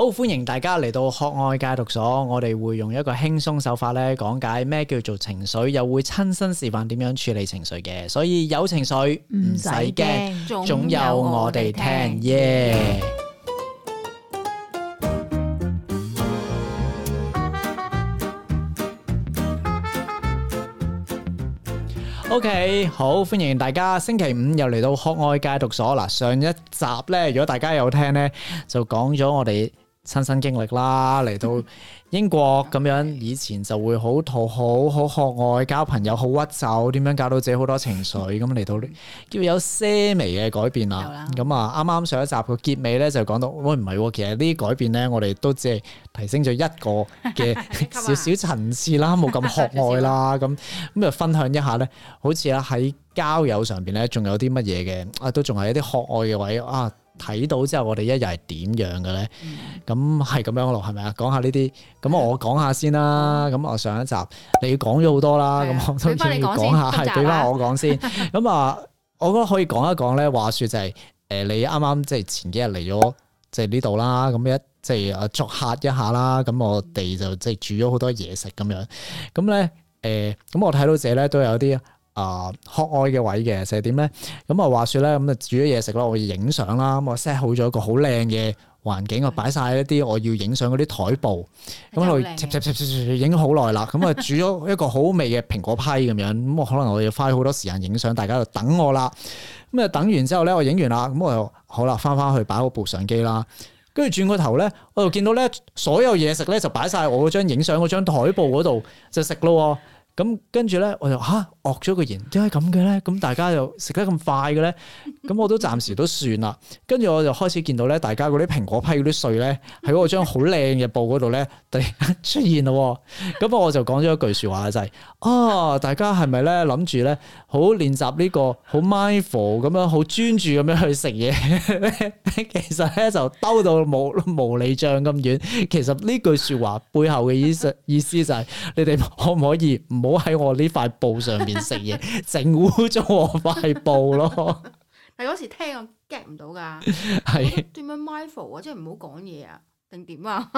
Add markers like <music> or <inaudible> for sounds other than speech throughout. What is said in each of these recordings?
好歡迎大家嚟到學愛戒毒所，我哋會用一個輕鬆手法咧，講解咩叫做情緒，又會親身示範點樣處理情緒嘅，所以有情緒唔使驚，總有我哋聽耶。OK，好歡迎大家，星期五又嚟到學愛戒毒所嗱。上一集咧，如果大家有聽咧，就講咗我哋。親身經歷啦，嚟到英國咁、嗯、樣，以前就會好討好、好渴、嗯、愛、交朋友、好屈就，點樣搞到自己好多情緒咁嚟到呢？叫有些微嘅改變啦。咁啊、嗯，啱啱上一集個結尾咧，就講到，喂唔係，其實呢啲改變咧，我哋都只係提升咗一個嘅少少層次啦，冇咁渴愛啦。咁咁啊，分享一下咧，好似啦喺交友上邊咧，仲有啲乜嘢嘅啊，都仲係一啲渴愛嘅位啊。睇到之後我，我哋一日係點樣嘅咧？咁係咁樣咯，係咪啊？講下呢啲，咁我講下先啦。咁、嗯、我上一集你講咗好多啦，咁我都先要講,的要講下，係俾翻我講先。咁啊，我覺得可以講一講咧。話説就係，誒，你啱啱即係前幾日嚟咗即係呢度啦。咁、就是、一即係啊，作客一下啦。咁我哋就即係煮咗好多嘢食咁樣。咁咧，誒、呃，咁我睇到者咧都有啲。啊 holiday 嘅位嘅，就係點咧？咁啊，話說咧，咁啊煮咗嘢食啦，我影相啦，咁我 set 好咗一個好靚嘅環境啊，擺晒一啲我要影相嗰啲台布，咁我影好耐啦，咁啊後煮咗一個好味嘅蘋果批咁樣，咁我可能我要花好多時間影相，大家就等我啦。咁啊等完之後咧，我影完啦，咁我又好啦，翻翻去擺好部相機啦，跟住轉個頭咧，我就見到咧所有嘢食咧就擺晒我嗰張影相嗰張台布嗰度就食咯。 <laughs> 咁、嗯、跟住咧，我就吓，惡、啊、咗個言，點解咁嘅咧？咁、嗯、大家又食得咁快嘅咧？咁、嗯、我都暫時都算啦。跟住我就開始見到咧，大家嗰啲蘋果批嗰啲碎咧，喺嗰張好靚嘅布嗰度咧，突然間出現咯、哦。咁、嗯、我就講咗一句説話就係、是：啊，大家係咪咧諗住咧，好練習呢個好 mindful 咁樣，好專注咁樣去食嘢 <laughs> 其實咧就兜到冇冇理杖咁遠。其實呢句説話背後嘅意思意思就係、是：你哋可唔可以唔？唔好喺我呢塊布上面食嘢，整污糟我塊布咯。 <laughs> 但嗰時聽我 get 唔到噶，係點樣 micro 啊？即係唔好講嘢啊，定點啊？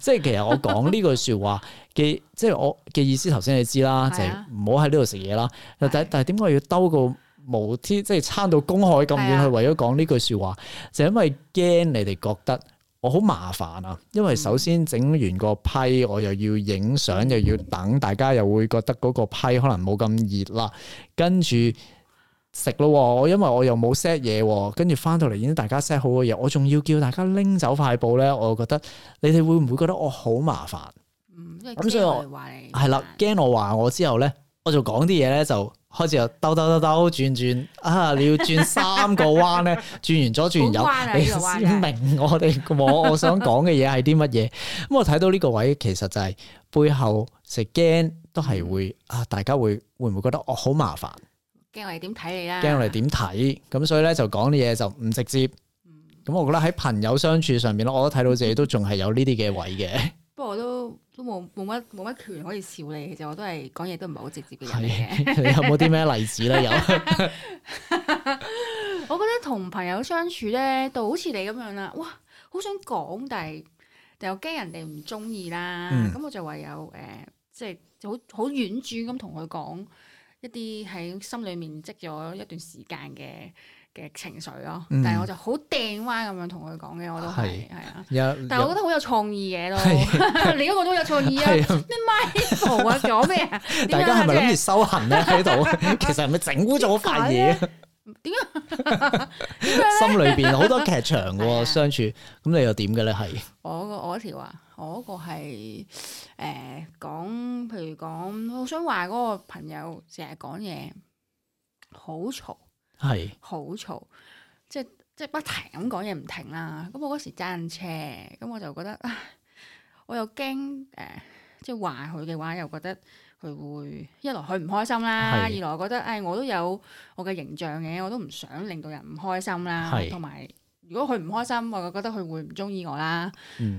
即係其實我講呢句說話嘅，即、就、係、是、我嘅意思，頭先你知啦，就係唔好喺呢度食嘢啦。啊、但但係點解要兜個無天，即係撐到公海咁遠去，為咗講呢句說話，就、啊、因為驚你哋覺得。我好麻煩啊，因為首先整完個批，我又要影相，又要等大家，又會覺得嗰個批可能冇咁熱啦。跟住食咯，我因為我又冇 set 嘢，跟住翻到嚟已經大家 set 好嘅嘢，我仲要叫大家拎走塊布咧，我覺得你哋會唔會覺得我好麻煩？嗯，咁、嗯、所以我，我話你！係啦，驚我話我之後咧，我就講啲嘢咧就。開始又兜兜兜兜轉轉啊！你要轉三個彎咧，轉完左轉完右，啊、你先明我哋 <laughs> 我我想講嘅嘢係啲乜嘢？咁我睇到呢個位，其實就係背後食驚都係會啊！大家會會唔會覺得我好麻煩？驚我哋點睇你啦？驚我哋點睇？咁所以咧就講啲嘢就唔直接。咁、嗯、我覺得喺朋友相處上面咯，我都睇到自己都仲係有呢啲嘅位嘅。不過我都都冇冇乜冇乜權可以笑你，其實我都係講嘢都唔係好直接嘅人。係，你有冇啲咩例子咧？有，我覺得同朋友相處咧，就好似你咁樣啦，哇，好想講，但係但又驚人哋唔中意啦，咁、嗯、我就唯有誒，即係好好婉轉咁同佢講。就是一啲喺心裏面積咗一段時間嘅嘅情緒咯，嗯、但係我就好掟彎咁樣同佢講嘅。我都係係啊，是是但係我覺得好有創意嘅咯，是 <laughs> 你嗰個都有創意啊，咩 micro 啊， <laughs> 做咩啊？大家係咪諗住修行咧喺度？ <laughs> 其實係咪整污咗塊嘢？點解 <laughs> 心裏邊好多劇場嘅 <laughs> 相處，咁你又點嘅咧？係我、嗰個我嗰時話，我，我個係誒講，譬如講，我想話嗰個朋友成日講嘢好嘈，係好嘈，即係即係不停咁講嘢唔停啦。咁我嗰時揸緊車，咁我就覺得，唉我又驚誒，即、呃、係、就是、話佢嘅話又覺得。佢會一來佢唔開心啦，是二來我覺得誒我都有我嘅形象嘅，我都唔想令到人唔開心啦，同埋是如果佢唔開心，我就覺得佢會唔中意我啦。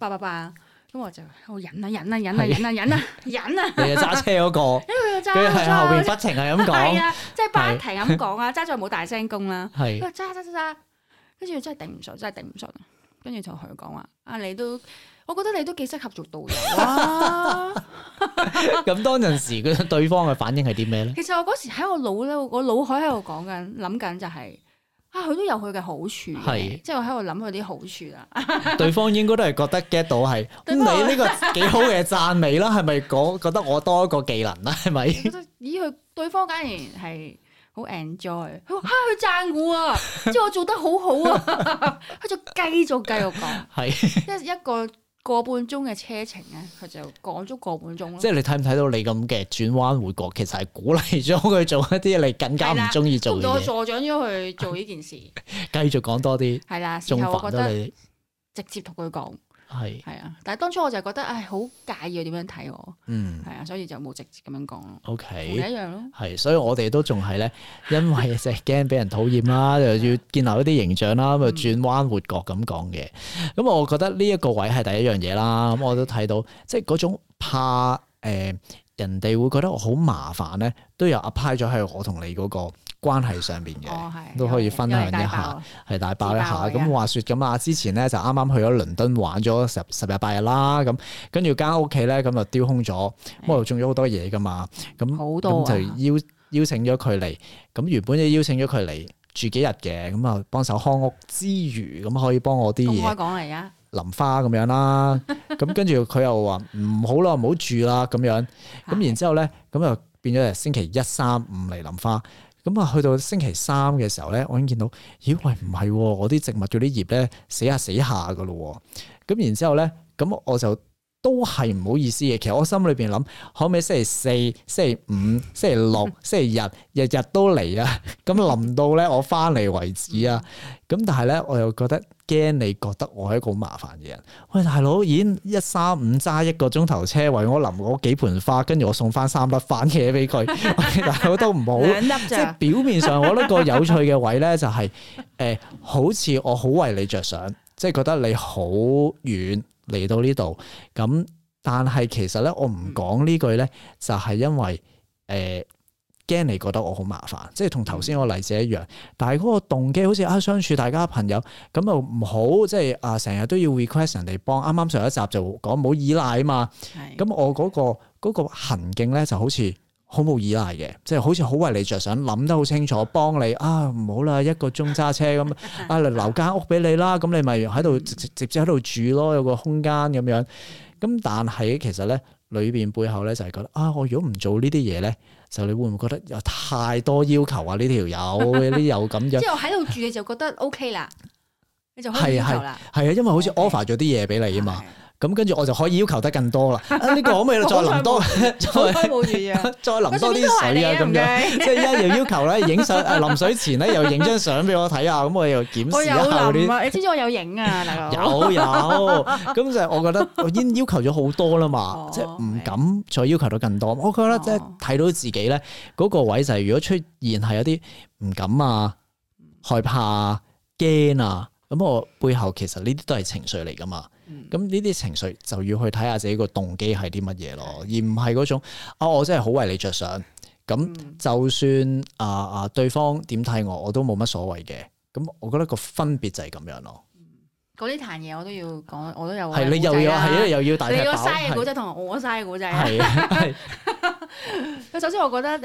叭叭叭，咁我就忍啊忍啊忍啊忍啊忍啊忍啊。你又揸車嗰、那個，佢喺 <laughs> <laughs> 後邊不停係咁講，係 <laughs> 啊，即係不停咁講啊，揸咗冇大聲公啦，係 <laughs> 是，揸揸揸，跟住真係頂唔順，真係頂唔順，跟住就佢講話，啊你都。我覺得你都幾適合做導遊啦、啊。咁、 <laughs> 嗯、當陣時，佢對方嘅反應係啲咩咧？其實我嗰時喺我腦咧，我腦海喺度講緊，諗緊就係、是、啊，佢都有佢嘅好處嘅，即係是我喺度諗佢啲好處啦。 <laughs> 對方應該都係覺得 get 到係、嗯，你呢個幾好嘅讚美啦，係咪講覺得我多一個技能啦、啊？係咪？咦？佢對方竟然係好 enjoy，佢話佢讚我啊，即係我做得好好啊，佢就 <laughs> 繼續繼續講，係一是 <laughs> 一個，個半鐘嘅車程咧，佢就講足個半鐘咯。即係你睇唔睇到你咁嘅轉彎抹角，其實係鼓勵咗佢做一啲你更加唔中意做嘅嘢，了助長咗佢做呢件事。繼、啊、續講多啲，係啦，仲煩得你，得直接同佢講。係係啊，但係當初我就覺得，唉，好介意佢點樣睇我，嗯，係啊，所以就冇直接咁樣講咯。O K，唔一樣咯，係，所以我哋都仲係咧，因為成日驚俾人討厭啦， <laughs> 又要建立一啲形象啦，咁就轉彎活角咁講嘅。咁、嗯、我覺得呢一個位係第一樣嘢啦。咁我都睇到，即係嗰種怕誒、呃，人哋會覺得我好麻煩咧，都有 apply 咗喺我同你嗰、那個。關係上邊嘅都可以分享一下，係大爆一下。咁話説咁啊，之前咧就啱啱去咗倫敦玩咗十十日八日啦，咁跟住間屋企咧，咁就丟空咗，咁我又種咗好多嘢噶嘛，咁咁就邀邀請咗佢嚟。咁原本就邀請咗佢嚟住幾日嘅，咁啊幫手看屋之餘，咁可以幫我啲嘢。咁可以講嚟啊，淋花咁樣啦，咁跟住佢又話唔好啦，唔好住啦咁樣。咁然之後咧，咁就變咗係星期一、三、五嚟淋花。咁啊，去到星期三嘅時候咧，我已經見到，咦？喂，唔係喎，我啲植物嗰啲葉咧死下死下噶咯喎，咁然之後咧，咁我就。都係唔好意思嘅，其實我心裏邊諗，可唔可以星期四、星期五、星期六、星期日，日日都嚟啊？咁淋到咧我翻嚟為止啊！咁但係咧，我又覺得驚你覺得我係一個好麻煩嘅人。喂，大佬，已經一三五揸一個鐘頭車為我淋我幾盆花，跟住我送翻三粒番茄俾佢， <laughs> 大佬，都唔好， <laughs> 著即係表面上我一個有趣嘅位咧，就是，就係誒，好似我好為你着想，即係覺得你好遠。嚟到呢度，咁但係其實咧，我唔講呢句咧，就係因為誒驚、呃、你覺得我好麻煩，即係同頭先個例子一樣。嗯、但係個動機好似啊相處大家朋友咁又唔好，即係、就是、啊成日都要 request 人哋幫。啱啱上一集就講冇依賴啊嘛，咁的我、嗰個、嗰個行徑咧就好似。好冇依賴嘅，即係好似好為你着想，諗得好清楚，幫你啊唔好啦，一個鐘揸車咁啊留間屋俾你啦，咁、啊、你咪喺度直接喺度住咯，有個空間咁樣。咁但係其實咧裏邊背後咧就係覺得啊，我如果唔做呢啲嘢咧，就你會唔會覺得有太多要求啊？呢條友呢有咁樣。即係我喺度住你就覺得 OK 啦， <laughs> 你就開免啦。係啊，因為好似 offer 咗啲嘢俾你啊嘛。Okay. 咁跟住我就可以要求得更多啦！呢個可唔可以再淋多，再淋多啲水啊？咁樣即係一樣要求咧，影相，啊，淋水前咧又影張相俾我睇下，咁我又檢視一下啲。我有淋啊，你知唔知我有影啊，大佬？有有，咁就我覺得我已經要求咗好多啦嘛，即係唔敢再要求得更多。我覺得即係睇到自己咧，嗰個位就係如果出現係有啲唔敢啊、害怕、驚啊，咁我背後其實呢啲都係情緒嚟噶嘛。咁呢啲情緒就要去睇下自己個動機係啲乜嘢咯，嗯、而唔係嗰種啊、哦，我真係好為你着想。咁就算啊啊、嗯呃、對方點睇我，我都冇乜所謂嘅。咁我覺得個分別就係咁樣咯。嗰啲、嗯、談嘢我都要講，我都有係、啊、你又要係啊又要大你個嘥嘅古仔，同我嘥嘅古仔。咁 <laughs> <laughs> 首先我覺得誒誒。呃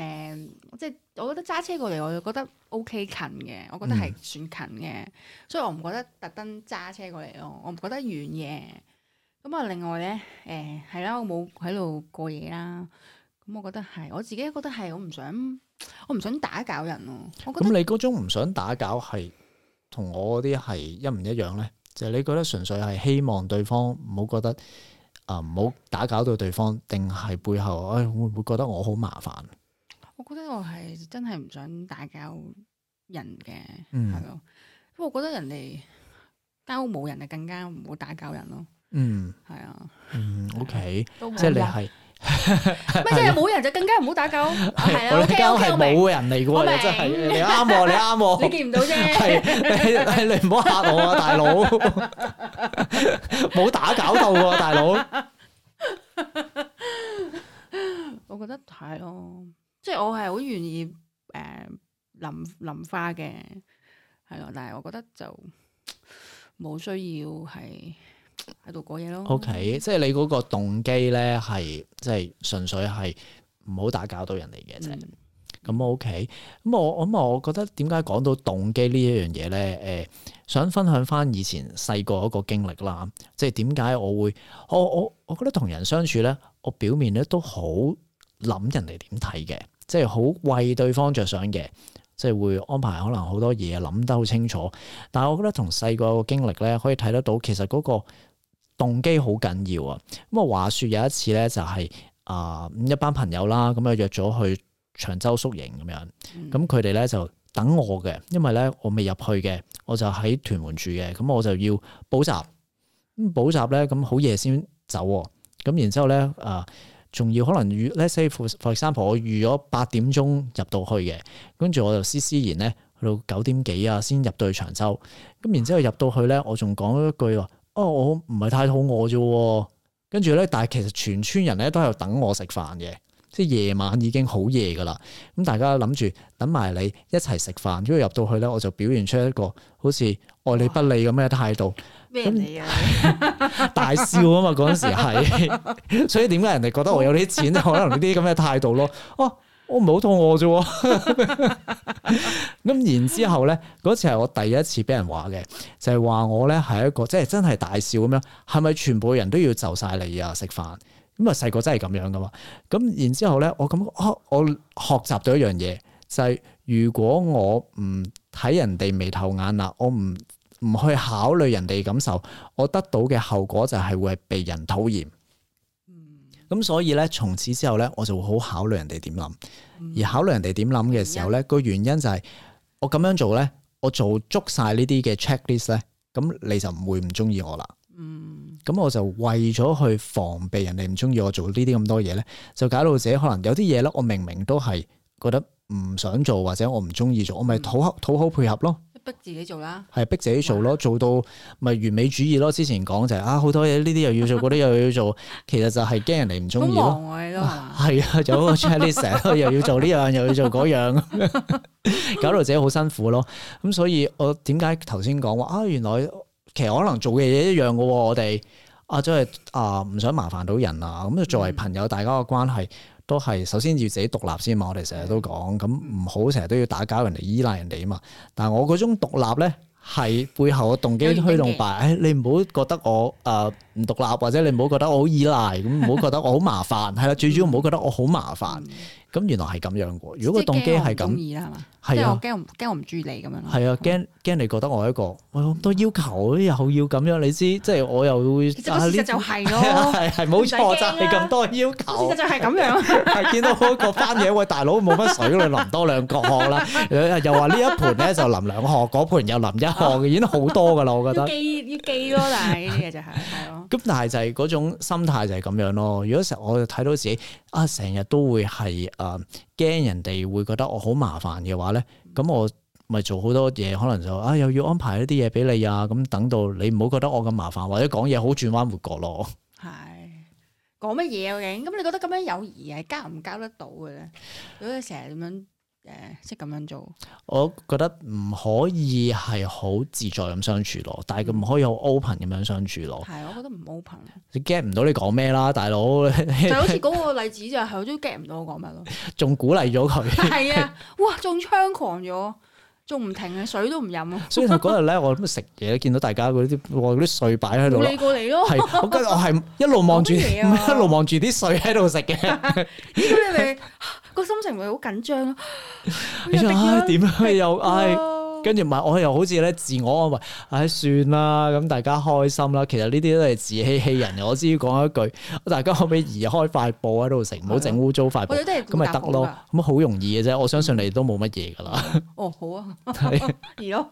呃呃即係，我覺得揸車過嚟，我就覺得 OK 近嘅，我覺得係、OK，算近嘅，嗯、所以我唔覺得特登揸車過嚟咯，我唔覺得遠嘅。咁啊，另外咧，誒係啦，我冇喺度過夜啦。咁我覺得係，我自己覺得係，我唔想，我唔想打攪人咯。咁你嗰種唔想打攪係同我嗰啲係一唔一樣咧？就是、你覺得純粹係希望對方唔好覺得啊，唔好、呃、打攪到對方，定係背後誒會唔會覺得我好麻煩？呢個係真係唔想打攪人嘅，係咯。不過我覺得人哋間屋冇人就更加唔好打攪人咯。嗯，係啊，嗯，OK，即係你係，咪即係冇人就更加唔好打攪。我間屋係冇人嚟嘅，真係，你啱喎，你啱喎，你見唔到啫。係，你你唔好嚇我啊，大佬，冇打攪到喎，大佬。我覺得係咯。即係、嗯嗯 OK, 我係好願意誒諗諗花嘅，係咯。但係我覺得就冇需要係喺度講嘢咯。O K，即係你嗰個動機咧，係即係純粹係唔好打攪到人哋嘅啫。咁 O K，咁我咁我覺得點解講到動機呢一樣嘢咧？誒、呃，想分享翻以前細個嗰個經歷啦。即係點解我會我我我覺得同人相處咧，我表面咧都好諗人哋點睇嘅。即係好為對方着想嘅，即係會安排可能好多嘢諗得好清楚。但係我覺得同細個嘅經歷咧，可以睇得到其實嗰個動機好緊要啊。咁、嗯、啊，話説有一次咧，就係、是、啊、呃、一班朋友啦，咁、嗯、啊約咗去長洲宿營咁樣。咁佢哋咧就等我嘅，因為咧我未入去嘅，我就喺屯門住嘅。咁、嗯、我就要補習，咁、嗯、補習咧咁好夜先走。咁然之後咧啊～、嗯仲要可能預，Let's say for example，我預咗八點鐘入到去嘅，跟住我就施施然咧去到九點幾啊先入到去長洲，咁然之後入到去咧，我仲講咗一句話，哦，我唔係太肚餓啫，跟住咧，但係其實全村人咧都喺度等我食飯嘅，即係夜晚已經好夜噶啦，咁大家諗住等埋你一齊食飯，因為入到去咧，我就表現出一個好似愛理不理咁嘅態度。咩嚟啊？那 <laughs> 大笑啊嘛！嗰時係，所以點解人哋覺得我有啲錢，就可能呢啲咁嘅態度咯。哦，我唔係好肚餓啫。咁然之後咧，嗰次係我第一次俾人話嘅，就係、是、話我咧係一個即係真係大笑咁樣。係咪全部人都要就晒你啊食飯？咁啊，細個真係咁樣噶嘛。咁然之後咧，我咁啊，我學習到一樣嘢，就係、是、如果我唔睇人哋眉頭眼啦，我唔。唔去考慮人哋感受，我得到嘅後果就係會係被人討厭。咁、嗯、所以咧，從此之後咧，我就會好考慮人哋點諗。而考慮人哋點諗嘅時候咧，嗯、個原因就係、是、我咁樣做咧，我做足晒呢啲嘅 checklist 咧，咁你就唔會唔中意我啦。嗯，咁我就為咗去防備人哋唔中意我做呢啲咁多嘢咧，就搞到自己可能有啲嘢咧，我明明都係覺得唔想做或者我唔中意做，我咪討討好配合咯。嗯逼自己做啦，係逼自己做咯，嗯、做到咪、就是、完美主義咯。之前講就係啊，好多嘢呢啲又要做，嗰啲 <laughs> 又要做，其實就係驚人哋唔中意咯。係啊，有個 charity 成日都又要做呢樣，又要做嗰樣，搞到自己好辛苦咯。咁、啊、所以我，我點解頭先講話啊？原來其實可能做嘅嘢一樣嘅喎，我哋啊，真、就、係、是、啊，唔想麻煩到人啊。咁就作為朋友，大家嘅關係。 <laughs> 都係，首先要自己獨立先嘛。我哋成日都講，咁唔好成日都要打攪人哋，依賴人哋啊嘛。但係我嗰種獨立咧，係背後嘅動機驅動吧。誒、哎，你唔好覺得我誒唔、呃、獨立，或者你唔好覺得我好依賴，咁唔好覺得我好麻煩，係啦。 <laughs> 最主要唔好覺得我好麻煩。咁原來係咁樣喎！如果個動機係咁，即係驚我唔中意啦，係嘛？係啊，驚驚我唔中意你咁樣。係啊，驚驚你覺得我一個咁多要求，又要咁樣，你知即係我又會。其實就係咯，係係冇錯，就係咁多要求。事實就係咁樣。係見到嗰個番嘢，喂大佬冇乜水，你淋多兩殼啦！又話呢一盤咧就淋兩殼，嗰盤又淋一殼，已經好多噶啦！我覺得要記要記咯，但係就係係咯。咁但係就係嗰種心態就係咁樣咯。如果成日我睇到自己啊，成日都會係。啊！驚人哋會覺得我好麻煩嘅話咧，咁我咪做好多嘢，可能就啊又要安排一啲嘢俾你啊，咁等到你唔好覺得我咁麻煩，或者講嘢好轉彎抹角咯。係講乜嘢嘅？咁、啊、你覺得咁樣友誼係交唔交得到嘅咧？如果你成日咁～誒，即係咁樣做，我覺得唔可以係好自在咁相處咯，但係佢唔可以好 open 咁樣相處咯。係， <laughs> 我覺得唔 open。你 get 唔到你講咩啦，大佬？就好似嗰個例子就係我都 get 唔到我講乜咯。仲鼓勵咗佢。係啊，哇，仲猖狂咗，仲唔停啊，水都唔飲啊。所以嗰日咧，我食嘢，見到大家嗰啲我嗰啲水擺喺度過嚟咯。我跟住我係一路望住，一路望住啲水喺度食嘅。咩個心情會好緊張咯，又嗌點啊你又唉。跟住埋我又好似咧自我安慰，唉、哎、算啦，咁大家開心啦。其實呢啲都係自欺欺人。我只要講一句，大家可唔可以移開塊布喺度食，唔好整污糟塊布，咁咪得咯。咁好容易嘅啫，我相信你都冇乜嘢㗎喇。哦，好啊，移咯。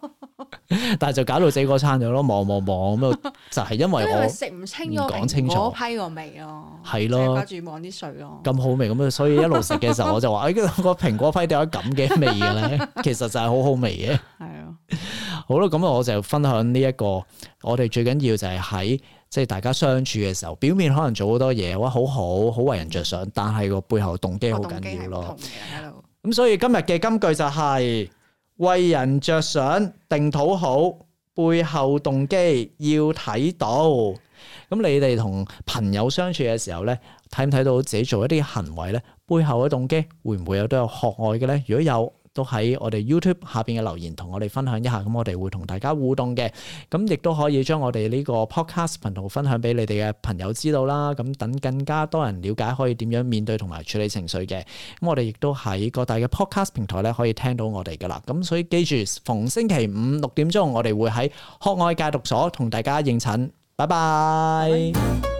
但係就搞到自己嗰餐咗咯，望望望咁啊， <laughs> 就係因為我食唔清，楚清個蘋果批個味咯。係咯 <laughs> 了，掛住望啲水咯。咁 <laughs> 好味，咁啊，所以一路食嘅時候，我就話，哎，那個蘋果批掉咗咁嘅味嘅咧？ <laughs> 其實就係好好味嘅。係咯， <laughs> 好啦，咁我就分享呢、這、一個，我哋最緊要就係喺即係大家相處嘅時候，表面可能做好多嘢，哇，好好好為人着想，但係個背後動機好緊要咯。咁所以今日嘅金句就係、是、為人着想，定討好，背後動機要睇到。咁你哋同朋友相處嘅時候咧，睇唔睇到自己做一啲行為咧背後嘅動機，會唔會有都有學愛嘅咧？如果有，都喺我哋 YouTube 下邊嘅留言同我哋分享一下，咁我哋會同大家互動嘅，咁亦都可以將我哋呢個 Podcast 頻道分享俾你哋嘅朋友知道啦，咁等更加多人了解可以點樣面對同埋處理情緒嘅，咁我哋亦都喺各大嘅 Podcast 平台咧可以聽到我哋噶啦，咁所以記住逢星期五六點鐘我哋會喺學外戒毒所同大家應診，拜拜。拜拜